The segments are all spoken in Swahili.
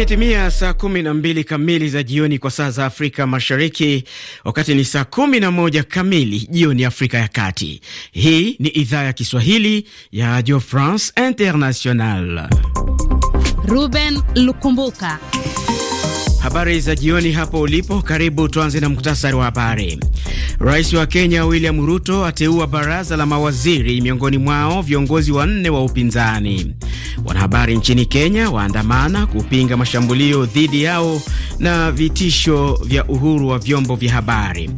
Imetimia saa kumi na mbili kamili za jioni kwa saa za Afrika Mashariki, wakati ni saa kumi na moja kamili jioni Afrika ya Kati. Hii ni idhaa ya Kiswahili ya Radio France International. Ruben Lukumbuka Habari za jioni hapo ulipo, karibu. Tuanze na muktasari wa habari. Rais wa Kenya William Ruto ateua baraza la mawaziri, miongoni mwao viongozi wanne wa upinzani. Wanahabari nchini Kenya waandamana kupinga mashambulio dhidi yao na vitisho vya uhuru wa vyombo vya habari.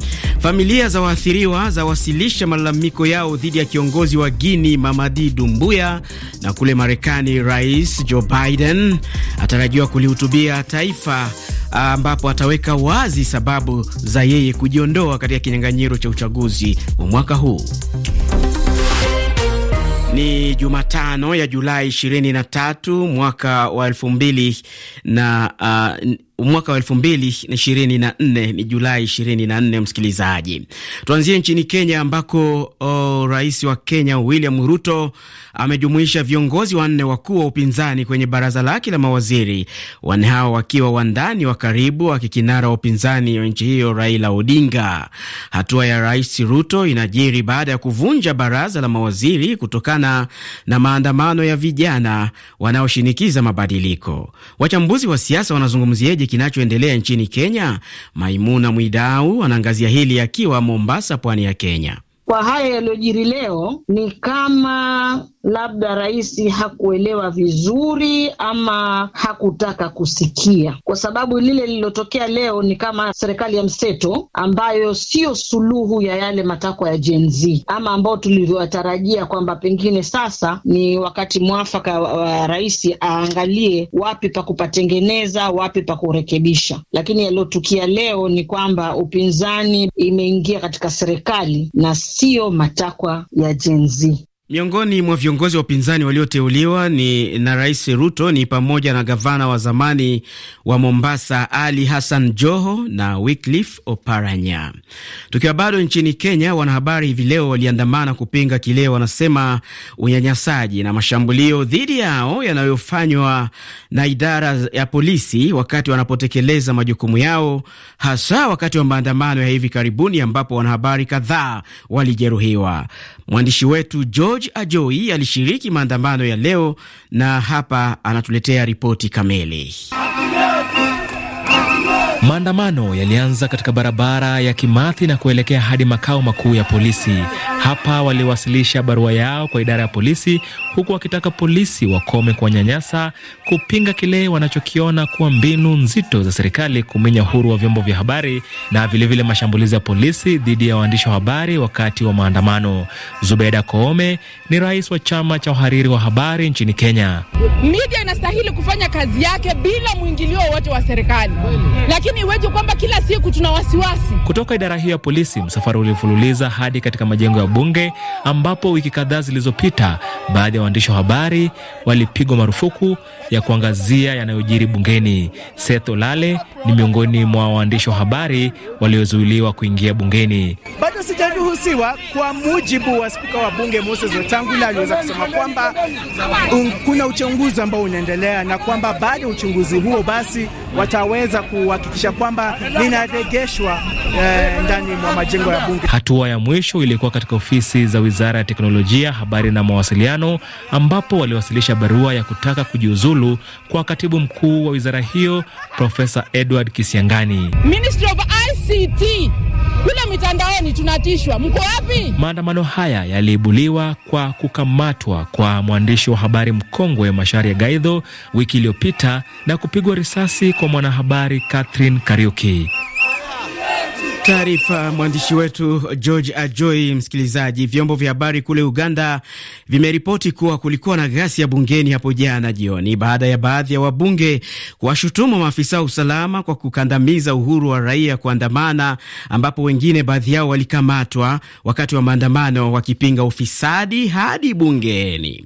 Familia za waathiriwa zawasilisha malalamiko yao dhidi ya kiongozi wa Guini Mamadi Dumbuya. Na kule Marekani, Rais Joe Biden atarajiwa kulihutubia taifa ambapo ataweka wazi sababu za yeye kujiondoa katika kinyang'anyiro cha uchaguzi wa mwaka huu. Ni Jumatano ya Julai 23 mwaka wa elfu mbili na uh, mwaka wa elfu mbili na ishirini na nne ni Julai ishirini na nne. Msikilizaji, tuanzie nchini Kenya ambako oh, rais wa Kenya William Ruto amejumuisha viongozi wanne wakuu wa upinzani kwenye baraza lake la mawaziri, wanne hao wakiwa wandani wa karibu wa kikinara wa upinzani wa nchi hiyo Raila Odinga. Hatua ya rais Ruto inajiri baada ya kuvunja baraza la mawaziri kutokana na maandamano ya vijana wanaoshinikiza mabadiliko. Wachambuzi wa siasa wanazungumziaje kinachoendelea nchini Kenya? Maimuna Mwidau anaangazia hili akiwa Mombasa, pwani ya Kenya kwa haya yaliyojiri leo ni kama labda rais hakuelewa vizuri ama hakutaka kusikia, kwa sababu lile lililotokea leo ni kama serikali ya mseto ambayo siyo suluhu ya yale matakwa ya Gen Z ama ambao tulivyowatarajia kwamba pengine sasa ni wakati mwafaka wa rais aangalie wapi pa kupatengeneza, wapi pa kurekebisha. Lakini yaliyotukia leo ni kwamba upinzani imeingia katika serikali na siyo matakwa ya Gen Z. Miongoni mwa viongozi wa upinzani walioteuliwa ni na Rais Ruto ni pamoja na gavana wa zamani wa Mombasa Ali Hassan Joho na Wycliffe Oparanya. Tukiwa bado nchini Kenya, wanahabari hivi leo waliandamana kupinga kile wanasema unyanyasaji na mashambulio dhidi yao yanayofanywa na idara ya polisi wakati wanapotekeleza majukumu yao, hasa wakati wa maandamano ya hivi karibuni ambapo wanahabari kadhaa walijeruhiwa. Mwandishi wetu John George Ajoi alishiriki maandamano ya leo na hapa anatuletea ripoti kamili. Maandamano yalianza katika barabara ya Kimathi na kuelekea hadi makao makuu ya polisi. Hapa waliwasilisha barua yao kwa idara ya polisi, huku wakitaka polisi wakome kwa nyanyasa kupinga kile wanachokiona kuwa mbinu nzito za serikali kuminya uhuru wa vyombo vya habari na vilevile mashambulizi ya polisi dhidi ya waandishi wa habari wakati wa maandamano. Zubeda Koome ni rais wa chama cha uhariri wa habari nchini Kenya. Media inastahili kufanya kazi yake bila mwingilio wote wa serikali, lakini lakini iweje kwamba kila siku tuna wasiwasi? Kutoka idara hiyo ya polisi, msafara ulifululiza hadi katika majengo ya bunge ambapo wiki kadhaa zilizopita baadhi ya waandishi wa habari walipigwa marufuku ya kuangazia yanayojiri bungeni. Seth Olale ni miongoni mwa waandishi wa habari waliozuiliwa kuingia bungeni bado sijaruhusiwa. Kwa mujibu wa spika wa bunge Moses Wetangula, aliweza kusema kwamba um, kuna uchunguzi ambao unaendelea na kwamba baada ya uchunguzi huo basi wataweza kuhakikisha kwamba linaregeshwa eh, ndani mwa majengo ya bunge. Hatua ya mwisho ilikuwa katika ofisi za Wizara ya Teknolojia, Habari na Mawasiliano, ambapo waliwasilisha barua ya kutaka kujiuzulu kwa katibu mkuu wa wizara hiyo Profesa Edward Kisiangani. Ministry of wanatishwa. mko wapi? Maandamano haya yaliibuliwa kwa kukamatwa kwa mwandishi wa habari mkongwe ya Gaidho wiki iliyopita na kupigwa risasi kwa mwanahabari Catherine Kariuki. Taarifa mwandishi wetu George Ajoi. Msikilizaji, vyombo vya habari kule Uganda vimeripoti kuwa kulikuwa na ghasia bungeni hapo jana jioni baada ya baadhi ya wabunge kuwashutumu maafisa wa usalama kwa kukandamiza uhuru wa raia kuandamana, ambapo wengine baadhi yao walikamatwa wakati wa maandamano wakipinga ufisadi hadi bungeni.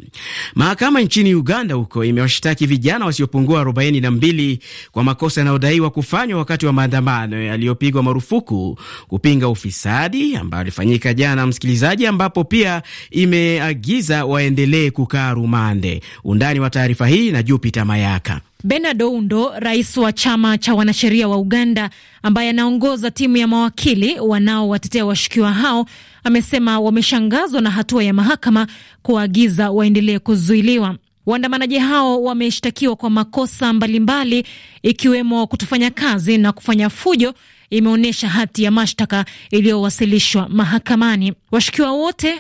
Mahakama nchini Uganda huko imewashtaki vijana wasiopungua 42 kwa makosa yanayodaiwa kufanywa wakati wa maandamano yaliyopigwa marufuku kupinga ufisadi ambayo ilifanyika jana, msikilizaji, ambapo pia imeagiza waendelee kukaa rumande. Undani wa taarifa hii na Jupita Mayaka. Bernard Oundo, rais wa chama cha wanasheria wa Uganda, ambaye anaongoza timu ya mawakili wanaowatetea washukiwa hao, amesema wameshangazwa na hatua ya mahakama kuwaagiza waendelee kuzuiliwa. Waandamanaji hao wameshtakiwa kwa makosa mbalimbali ikiwemo kutofanya kazi na kufanya fujo imeonyesha hati ya mashtaka iliyowasilishwa mahakamani. Washukiwa wote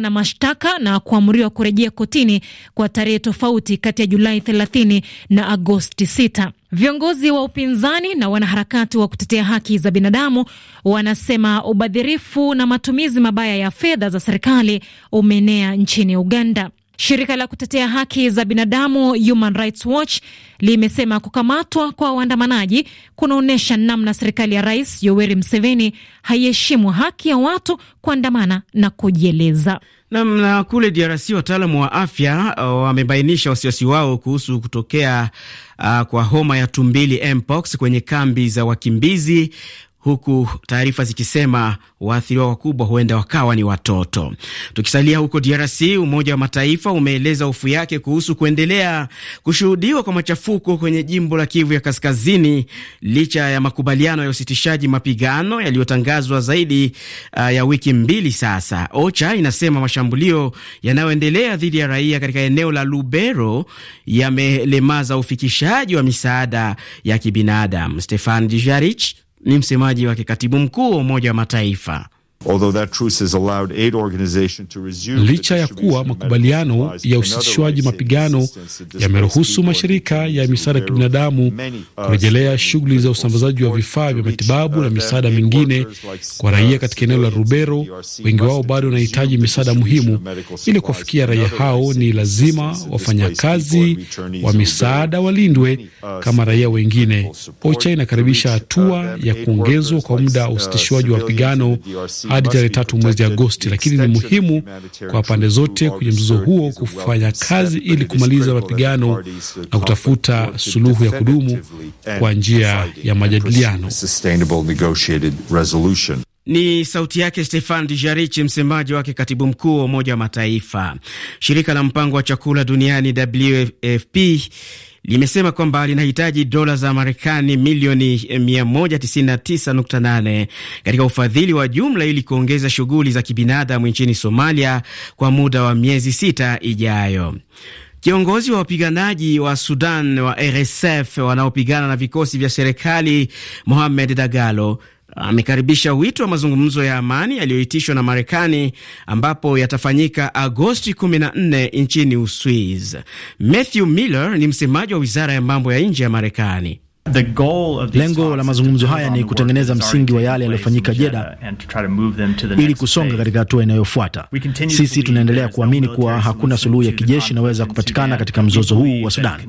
na mashtaka na kuamriwa kurejea kotini kwa tarehe tofauti kati ya Julai 30 na Agosti 6. Viongozi wa upinzani na wanaharakati wa kutetea haki za binadamu wanasema ubadhirifu na matumizi mabaya ya fedha za serikali umeenea nchini Uganda. Shirika la kutetea haki za binadamu Human Rights Watch limesema kukamatwa kwa waandamanaji kunaonyesha namna serikali ya Rais Yoweri Museveni haiheshimu haki ya watu kuandamana na kujieleza. Namna kule DRC wataalamu wa afya uh, wamebainisha wasiwasi wao kuhusu kutokea uh, kwa homa ya tumbili mpox kwenye kambi za wakimbizi huku taarifa zikisema waathiriwa wakubwa huenda wakawa ni watoto. Tukisalia huko DRC, Umoja wa Mataifa umeeleza hofu yake kuhusu kuendelea kushuhudiwa kwa machafuko kwenye jimbo la Kivu ya Kaskazini licha ya makubaliano ya usitishaji mapigano yaliyotangazwa zaidi uh, ya wiki mbili sasa. OCHA inasema mashambulio yanayoendelea dhidi ya raia katika eneo la Lubero yamelemaza ufikishaji wa misaada ya kibinadamu. Stefan Dijarich ni msemaji wake katibu mkuu wa Umoja wa Mataifa. Licha ya kuwa makubaliano ya usitishwaji mapigano yameruhusu mashirika ya misaada ya kibinadamu uh, kurejelea shughuli za usambazaji wa vifaa vya matibabu uh, na misaada mingine kwa raia katika eneo la Rubero, e wengi wao bado wanahitaji misaada muhimu. Ili kuwafikia raia hao, ni lazima wafanyakazi wa misaada walindwe uh, kama raia wengine. OCHA inakaribisha hatua ya kuongezwa kwa muda wa usitishwaji wa mapigano hadi tarehe tatu mwezi Agosti, lakini ni muhimu kwa pande zote kwenye mzozo huo kufanya kazi ili kumaliza mapigano na kutafuta suluhu ya kudumu kwa njia ya majadiliano. Ni sauti yake Stefan Dijarich, msemaji wake katibu mkuu wa Umoja wa Mataifa. Shirika la mpango wa chakula duniani WFP limesema kwamba linahitaji dola za Marekani milioni 199.8 katika ufadhili wa jumla ili kuongeza shughuli za kibinadamu nchini Somalia kwa muda wa miezi sita ijayo. Kiongozi wa wapiganaji wa Sudan wa RSF wanaopigana na vikosi vya serikali Mohamed Dagalo amekaribisha wito wa mazungumzo ya amani yaliyoitishwa na Marekani ambapo yatafanyika Agosti 14 nchini Uswiz. Matthew Miller ni msemaji wa wizara ya mambo ya nje ya Marekani. Lengo la mazungumzo haya ni kutengeneza msingi wa yale yaliyofanyika jeda ili kusonga katika hatua inayofuata. Sisi tunaendelea kuamini kuwa hakuna suluhu ya kijeshi inaweza kupatikana katika mzozo huu wa Sudan.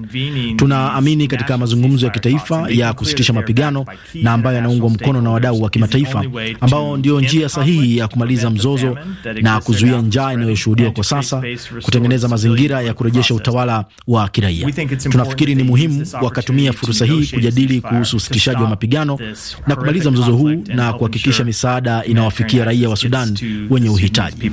Tunaamini katika mazungumzo ya kitaifa ya kusitisha mapigano na ambayo yanaungwa mkono na wadau wa kimataifa, ambao ndiyo njia sahihi ya kumaliza mzozo na kuzuia njaa inayoshuhudiwa kwa sasa, kutengeneza mazingira ya kurejesha utawala wa kiraia. Tunafikiri ni muhimu wakatumia fursa hii kujadili kuhusu usitishaji wa mapigano na kumaliza mzozo huu na kuhakikisha misaada inawafikia raia wa Sudan wenye uhitaji.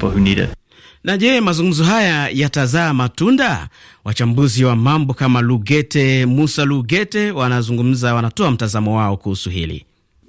Na je, mazungumzo haya yatazaa matunda? Wachambuzi wa mambo kama Lugete Musa Lugete wanazungumza, wanatoa mtazamo wao kuhusu hili.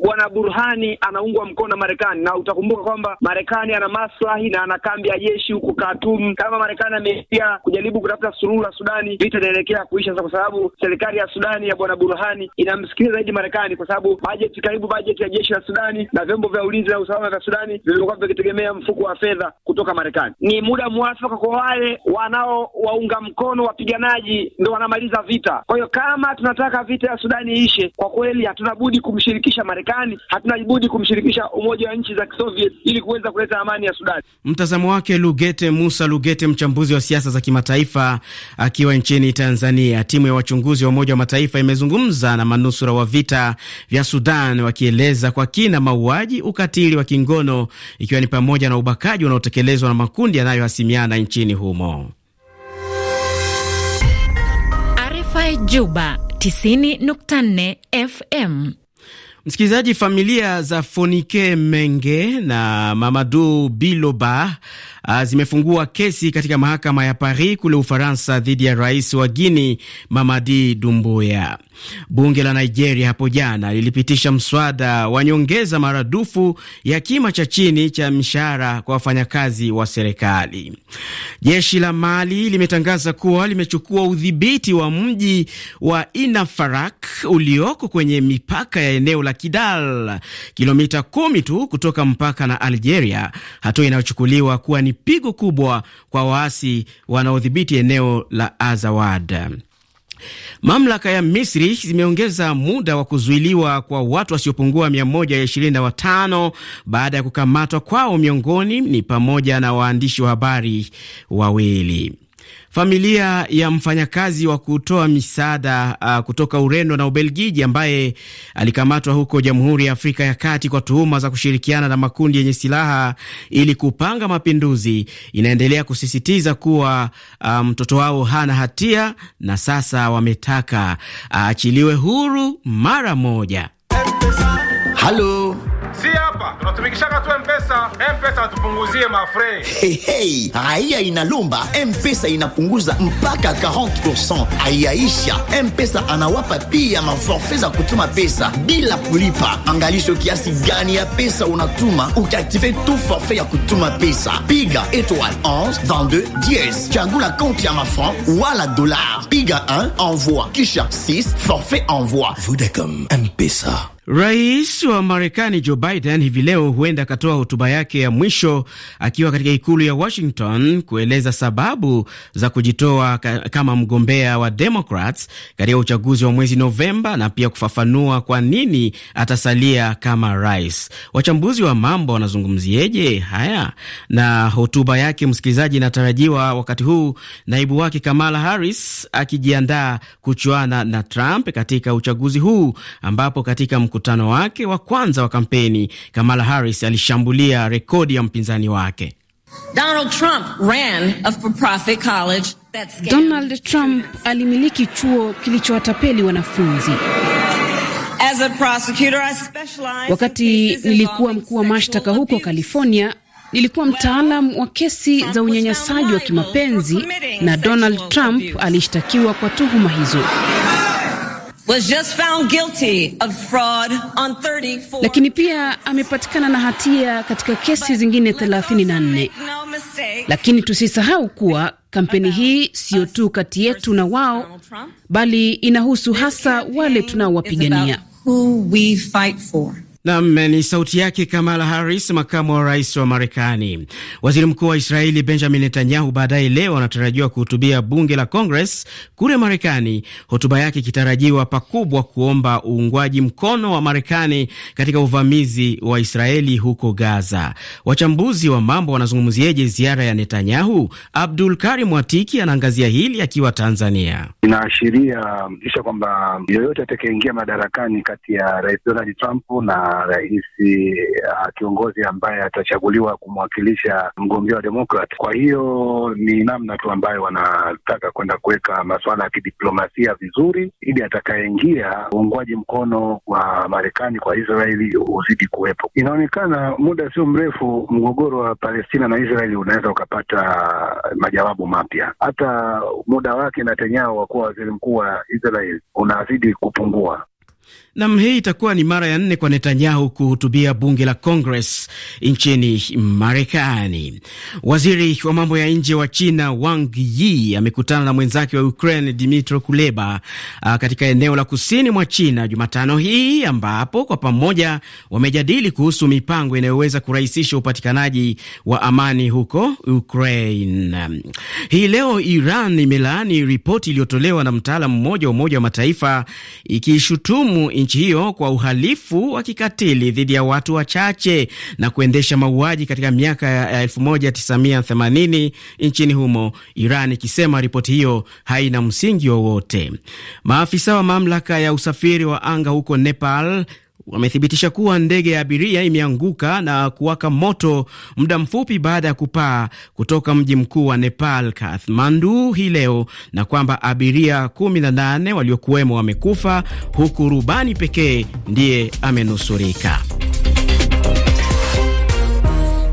Bwana Burhani anaungwa mkono na Marekani, na utakumbuka kwamba Marekani ana maslahi na ana kambi ya jeshi huko Khartoum. Kama Marekani ameia kujaribu kutafuta suluhu la Sudani, vita inaelekea kuisha, kwa sababu serikali ya Sudani ya Bwana Burhani inamsikiliza zaidi Marekani, kwa sababu bajeti, karibu bajeti ya jeshi la Sudani na vyombo vya ulinzi na usalama vya Sudani vilivyokuwa vikitegemea mfuko wa fedha kutoka Marekani. Ni muda mwafaka kwa wale wanaowaunga mkono wapiganaji, ndio wanamaliza vita. Kwa hiyo kama tunataka vita ya Sudani iishe, kwa kweli hatuna budi kumshirikisha Marekani Marekani, hatuna budi kumshirikisha Umoja wa Nchi za Kisoviet ili kuweza kuleta amani ya Sudani. Mtazamo wake Lugete Musa Lugete, mchambuzi wa siasa za kimataifa akiwa nchini Tanzania. Timu ya wachunguzi wa Umoja wa Mataifa imezungumza na manusura wa vita vya Sudan wakieleza kwa kina mauaji, ukatili wa kingono ikiwa ni pamoja na ubakaji unaotekelezwa na makundi yanayohasimiana nchini humo. RFI Juba 90.4 FM Msikilizaji, familia za Fonike Menge na Mamadu Biloba ah, zimefungua kesi katika mahakama ya Paris kule Ufaransa dhidi ya rais wa Guini Mamadi Dumbuya. Bunge la Nigeria hapo jana lilipitisha mswada wa nyongeza maradufu ya kima cha chini cha mshahara kwa wafanyakazi wa serikali. Jeshi la Mali limetangaza kuwa limechukua udhibiti wa mji wa Inafarak ulioko kwenye mipaka ya eneo la Kidal, kilomita kumi tu kutoka mpaka na Algeria, hatua inayochukuliwa kuwa ni pigo kubwa kwa waasi wanaodhibiti eneo la Azawad. Mamlaka ya Misri zimeongeza muda wa kuzuiliwa kwa watu wasiopungua 125 baada ya kukamatwa kwao, miongoni ni pamoja na waandishi wa habari wawili. Familia ya mfanyakazi wa kutoa misaada uh, kutoka Ureno na Ubelgiji ambaye alikamatwa huko Jamhuri ya Afrika ya Kati kwa tuhuma za kushirikiana na makundi yenye silaha ili kupanga mapinduzi inaendelea kusisitiza kuwa uh, mtoto um, wao hana hatia na sasa wametaka aachiliwe uh, huru mara moja. Halo. si hapa tunatumikishaga tu Mpesa. Mpesa atupunguzie mafre. Hey, hey. Raia inalomba Mpesa inapunguza mpaka 40%, aiyaisha Mpesa anawapa pia maforfe za kutuma pesa bila kulipa. Angalisho kiasi gani ya pesa unatuma ukiaktive tu forfe ya kutuma pesa. Piga étoile 11 22 10, chagula kaunti ya mafran wala dolar, piga 1 envoi kisha 6 forfait envoi. Vodacom Mpesa Rais wa Marekani Joe Biden hivi leo huenda akatoa hotuba yake ya mwisho akiwa katika ikulu ya Washington kueleza sababu za kujitoa kama mgombea wa Democrats katika uchaguzi wa mwezi Novemba na pia kufafanua kwa nini atasalia kama rais. Wachambuzi wa mambo wanazungumzieje haya na hotuba yake? Msikilizaji, inatarajiwa wakati huu naibu wake Kamala Harris akijiandaa kuchuana na Trump katika uchaguzi huu ambapo katika mkutano wake wa kwanza wa kampeni, Kamala Harris alishambulia rekodi ya mpinzani wake. Donald Trump ran a for-profit college that Donald Trump alimiliki chuo kilichowatapeli wanafunzi. As a prosecutor, I Wakati nilikuwa mkuu wa mashtaka huko California, nilikuwa mtaalam wa kesi Trump za unyanyasaji wa kimapenzi na Donald Trump alishtakiwa kwa tuhuma hizo was just found guilty of fraud on 34. Lakini pia amepatikana na hatia katika kesi zingine 34. Lakini tusisahau kuwa kampeni hii siyo tu kati yetu na wao, bali inahusu hasa wale tunaowapigania. Nam ni sauti yake Kamala Harris, makamu wa rais wa Marekani. Waziri mkuu wa Israeli Benjamin Netanyahu baadaye leo anatarajiwa kuhutubia bunge la Congress kule Marekani, hotuba yake ikitarajiwa pakubwa kuomba uungwaji mkono wa Marekani katika uvamizi wa Israeli huko Gaza. Wachambuzi wa mambo wanazungumzieje ziara ya Netanyahu? Abdul Karim Watiki anaangazia hili akiwa Tanzania. Inaashiria um, isha kwamba yoyote atakayeingia madarakani kati ya rais Donald Trump na rais uh, kiongozi ambaye atachaguliwa kumwakilisha mgombea wa Demokrat. Kwa hiyo ni namna tu ambayo wanataka kwenda kuweka masuala ya kidiplomasia vizuri, ili atakayeingia uungwaji mkono wa Marekani kwa Israeli uzidi kuwepo. Inaonekana muda sio mrefu mgogoro wa Palestina na Israeli unaweza ukapata majawabu mapya, hata muda wake Netanyahu wa kuwa waziri mkuu wa Israeli unazidi kupungua. Nam, hii itakuwa ni mara ya nne kwa Netanyahu kuhutubia bunge la Congress nchini Marekani. Waziri wa mambo ya nje wa China Wang Yi amekutana na mwenzake wa Ukraine Dmitro Kuleba a, ah, katika eneo la kusini mwa China Jumatano hii ambapo kwa pamoja wamejadili kuhusu mipango inayoweza kurahisisha upatikanaji wa amani huko Ukraine. Hii leo Iran imelaani ripoti iliyotolewa na mtaalamu mmoja wa Umoja wa Mataifa ikiishutumu nchi hiyo kwa uhalifu wa kikatili dhidi ya watu wachache na kuendesha mauaji katika miaka ya 1980 nchini humo, Iran ikisema ripoti hiyo haina msingi wowote. Maafisa wa mamlaka ya usafiri wa anga huko Nepal wamethibitisha kuwa ndege ya abiria imeanguka na kuwaka moto muda mfupi baada ya kupaa kutoka mji mkuu wa Nepal, Kathmandu, hii leo na kwamba abiria 18 waliokuwemo wamekufa huku rubani pekee ndiye amenusurika.